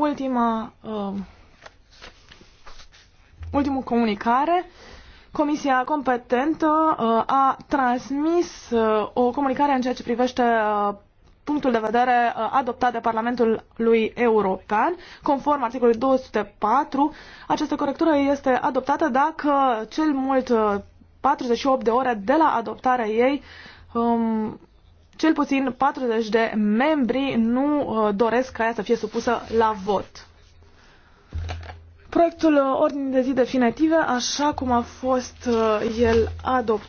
ultima, uh, ultimul comunicare, Comisia competentă uh, a transmis uh, o comunicare în ceea ce privește uh, punctul de vedere uh, adoptat de Parlamentul lui European, conform articolului 204. Această corectură este adoptată dacă cel mult 48 uh, de ore de la adoptarea ei um, cel puțin 40 de membri nu uh, doresc ca ea să fie supusă la vot. Proiectul uh, ordinii de zi definitive, așa cum a fost uh, el adoptat,